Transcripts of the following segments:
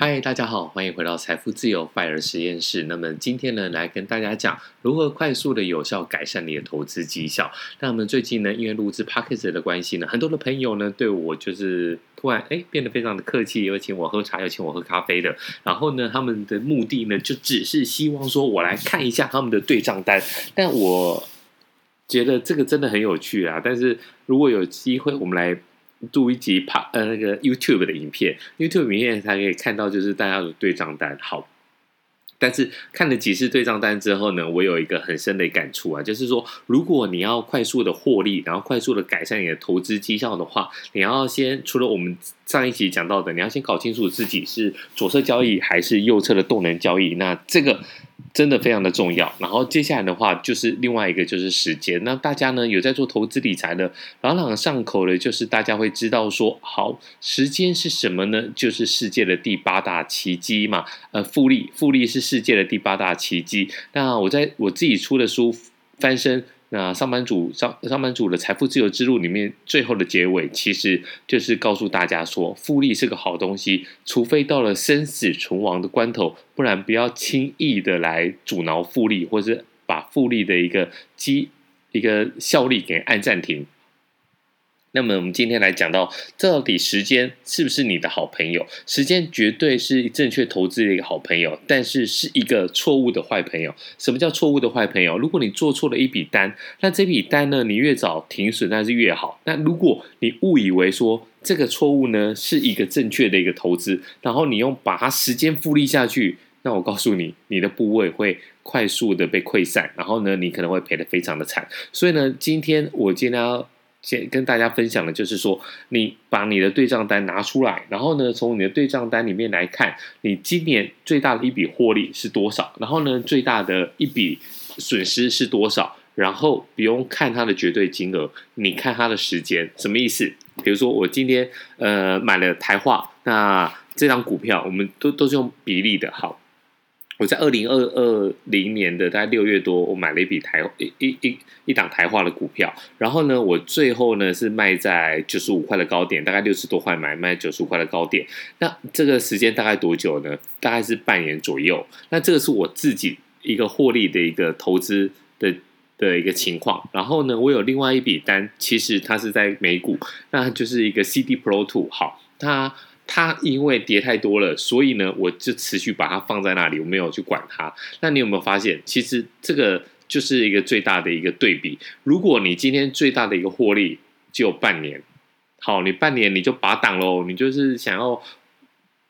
嗨，Hi, 大家好，歡迎回到財富自由 Fire 實驗室。那麼今天呢，來跟大家講如何快速的有效改善你的投資績效。那麼最近呢，因為錄製 podcast 的關係呢，很多的朋友呢，對我就是突然誒變得非常的客氣，有請我喝茶，有請我喝咖啡的。然後呢，他們的目的呢，就只是希望說我來看一下他們的對賬單。但我覺得這個真的很有趣啊！但是如果有機會，我們來。錄一集拍呃那個 YouTube 的影片，YouTube 影片才可以看到，就是大家的對賬單。好，但是看了幾次對賬單之後呢，我有一個很深的感觸啊，就是說，如果你要快速的獲利，然後快速的改善你的投資績效的話，你要先除了我們上一集講到的，你要先搞清楚自己是左側交易還是右側的動能交易。那這個。真的非常的重要，然後接下來的話就是另外一個就是時間。那大家呢有在做投資理財的，朗朗上口的，就是大家會知道說，好，時間是什麼呢？就是世界的第八大奇蹟嘛。呃，複利，複利是世界的第八大奇蹟。那我在我自己出的書翻身。那上班族上上班族的財富自由之路裡面，最後的結尾其實就是告訴大家說，複利是個好東西，除非到了生死存亡的關頭，不然不要輕易的來阻撓複利，或者是把複利的一個機，一個效力給按暫停。那麼我們今天來講到，到底時間是不是你的好朋友？時間絕對是正確投資的一個好朋友，但是是一個錯誤的壞朋友。什麼叫錯誤的壞朋友？如果你做錯了一筆單，那這筆單呢，你越早停損那是越好。那如果你誤以為說這個錯誤呢是一個正確的一個投資，然後你用把它時間複利下去，那我告訴你，你的部位會快速的被潰散，然後呢，你可能會賠得非常的慘。所以呢，今天我今天。先跟大家分享的，就是說，你把你的對賬單拿出來，然後呢，從你的對賬單裡面來看，你今年最大的一筆獲利是多少？然後呢，最大的一筆損失是多少？然後不用看它的絕對金額，你看它的時間，什麼意思？比如說，我今天，呃，買了台化，那這張股票，我們都都是用比例的，好。我在二零二二零年的大概六月多，我買了一筆台一一一一檔台化的股票，然後呢，我最後呢是賣在九十五塊的高點，大概六十多塊買，賣在九十五塊的高點。那這個時間大概多久呢？大概是半年左右。那這個是我自己一個獲利的一個投資的的一個情況。然後呢，我有另外一筆單，其實它是在美股，那就是一個 CD Pro Two，好，它。它因為跌太多了，所以呢，我就持續把它放在那裡，我沒有去管它。那你有沒有發現，其實這個就是一個最大的一個對比。如果你今天最大的一個獲利就半年，好，你半年你就拔檔嘍，你就是想要。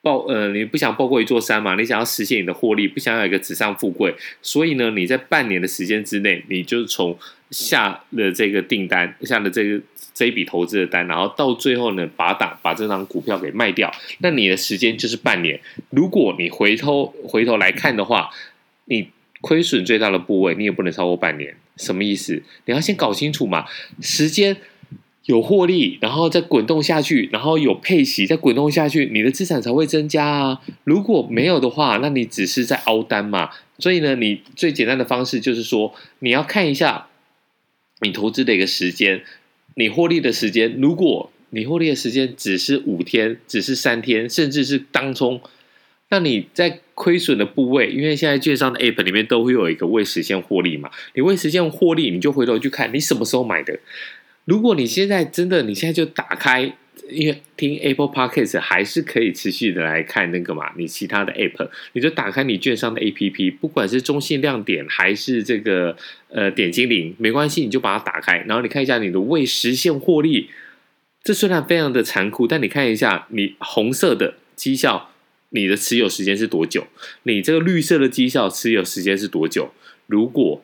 抱呃，你不想抱過一座山嘛？你想要實現你的獲利，不想要一個紙上富貴，所以呢，你在半年的時間之內，你就從下了這個訂單，下了這個這一筆投資的單，然後到最後呢，把檔把這檔股票給賣掉，那你的時間就是半年。如果你回頭回頭來看的話，你虧損最大的部位，你也不能超過半年。什麼意思？你要先搞清楚嘛，時間。有獲利，然後再滾動下去，然後有配息再滾動下去，你的資產才會增加啊！如果沒有的話，那你只是在凹單嘛。所以呢，你最簡單的方式就是說，你要看一下你投資的一個時間，你獲利的時間。如果你獲利的時間只是五天，只是三天，甚至是當沖，那你在虧損的部位，因為現在券商的 App 裡面都會有一個未實現獲利嘛，你未實現獲利，你就回頭去看你什麼時候買的。如果你現在真的，你現在就打開，因為聽 Apple Podcast 還是可以持續的來看那個嘛。你其他的 App，你就打開你券商的 APP，不管是中信亮點還是這個呃點金靈，沒關係，你就把它打開，然後你看一下你的未實現獲利。這雖然非常的殘酷，但你看一下你紅色的績效，你的持有時間是多久？你這個綠色的績效持有時間是多久？如果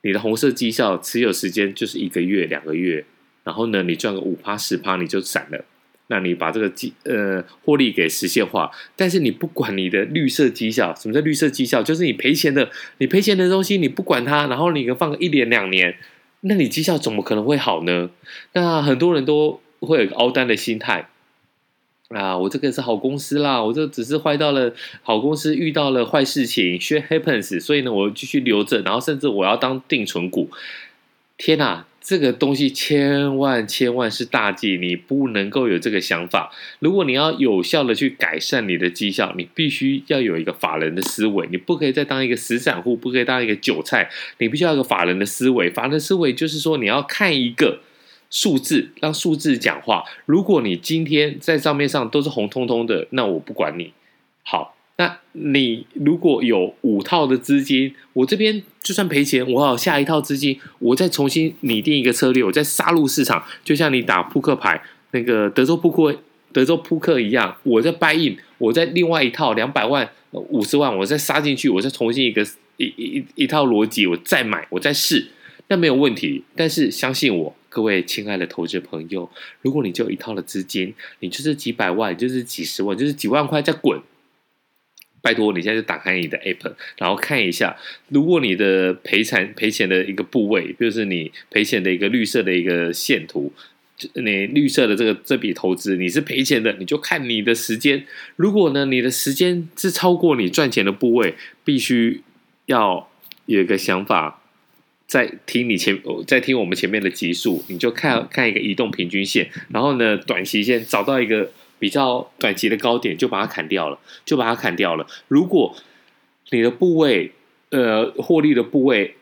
你的紅色績效持有時間就是一個月、兩個月，然後呢，你賺個五趴十趴你就閃了，那你把這個績呃獲利給實現化，但是你不管你的綠色績效，什麼叫綠色績效？就是你賠錢的，你賠錢的東西你不管它，然後你放一年、兩年，那你績效怎麼可能會好呢？那很多人都會有個凹單的心態啊，我這個是好公司啦，我這只是壞到了好公司遇到了壞事情 shit happens，所以呢，我繼續留着，然後甚至我要當定存股，天哪！這個東西千萬千萬是大忌，你不能夠有這個想法。如果你要有效的去改善你的績效，你必須要有一個法人的思維，你不可以再當一個死散戶，不可以當一個韭菜，你必須要一個法人的思維。法人思維就是說，你要看一個數字，讓數字講話。如果你今天在賬面上都是紅彤彤的，那我不管你。好。那你如果有五套的資金，我這邊就算賠錢，我還有下一套資金，我再重新擬定一個策略，我再殺入市場，就像你打撲克牌那個德州撲克、德州撲克一樣，我再 buy in，我在另外一套兩百萬、五十萬，我再殺進去，我再重新一個一一一套邏輯，我再買，我再試，那沒有問題。但是相信我，各位親愛的投資朋友，如果你就一套的資金，你就是幾百萬，就是幾十萬，就是幾萬塊在滾。拜託，你現在就打開你的 app，然後看一下，如果你的賠慘賠錢的一個部位，就是你賠錢的一個綠色的一個線圖，你綠色的這個這筆投資你是賠錢的，你就看你的時間。如果呢，你的時間是超過你賺錢的部位，必須要有一個想法，再聽你前，再聽我們前面的集數，你就看看一個移動平均線，然後呢，短期先找到一個。比較短期的高點就把它砍掉了，就把它砍掉了。如果你的部位，呃，獲利的部位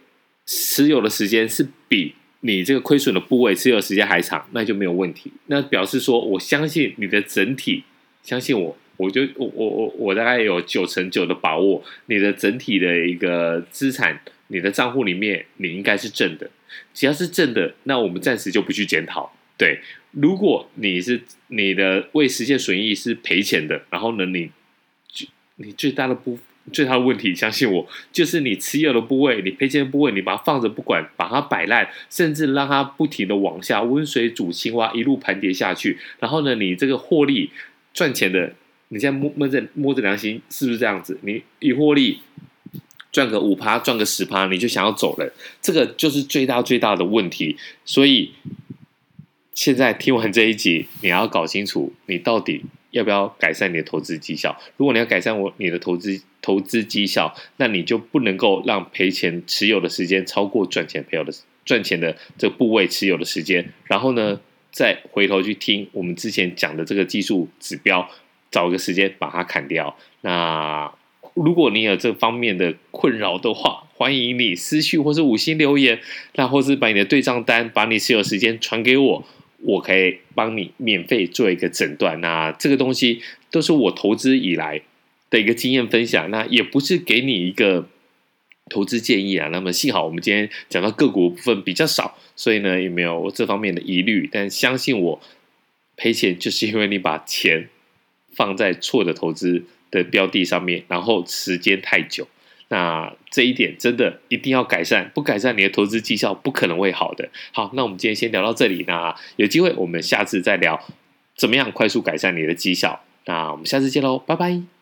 持有的時間是比你這個虧損的部位持有的時間還長，那就沒有問題。那表示說，我相信你的整體，相信我，我就我我我我大概有九成九的把握，你的整體的一個資產，你的賬戶裡面你應該是正的。只要是正的，那我們暫時就不去檢討。對。如果你是你的未實現損益是賠錢的，然後呢你，你你最大的部最大的問題，相信我，就是你持有的部位，你賠錢的部位，你把它放着不管，把它擺爛，甚至讓它不停地往下溫水煮青蛙，一路盤跌下去。然後呢，你這個獲利賺錢的，你現在摸摸着摸着良心，是不是這樣子？你一獲利賺個五趴，賺個十趴，你就想要走了，這個就是最大最大的問題。所以。現在聽完這一集，你要搞清楚你到底要不要改善你的投資績效。如果你要改善我你的投資投資績效，那你就不能夠讓賠錢持有的時間超過賺錢的的賺錢的這個部位持有的時間。然後呢，再回頭去聽我們之前講的這個技術指標，找一個時間把它砍掉。那如果你有這方面的困擾的話，歡迎你私訊或是五星留言，那或是把你的對賬單、把你持有時間傳給我。我可以幫你免費做一個診斷，那這個東西都是我投資以來的一個經驗分享，那也不是給你一個投資建議啊。那麼幸好我們今天講到個股部分比較少，所以呢也沒有這方面的疑慮。但相信我，賠錢就是因為你把錢放在錯的投資的標的上面，然後時間太久。那這一點真的一定要改善，不改善你的投資績效不可能會好的。好，那我們今天先聊到這裡，那有機會我們下次再聊怎麼樣快速改善你的績效。那我們下次見嘍，拜拜。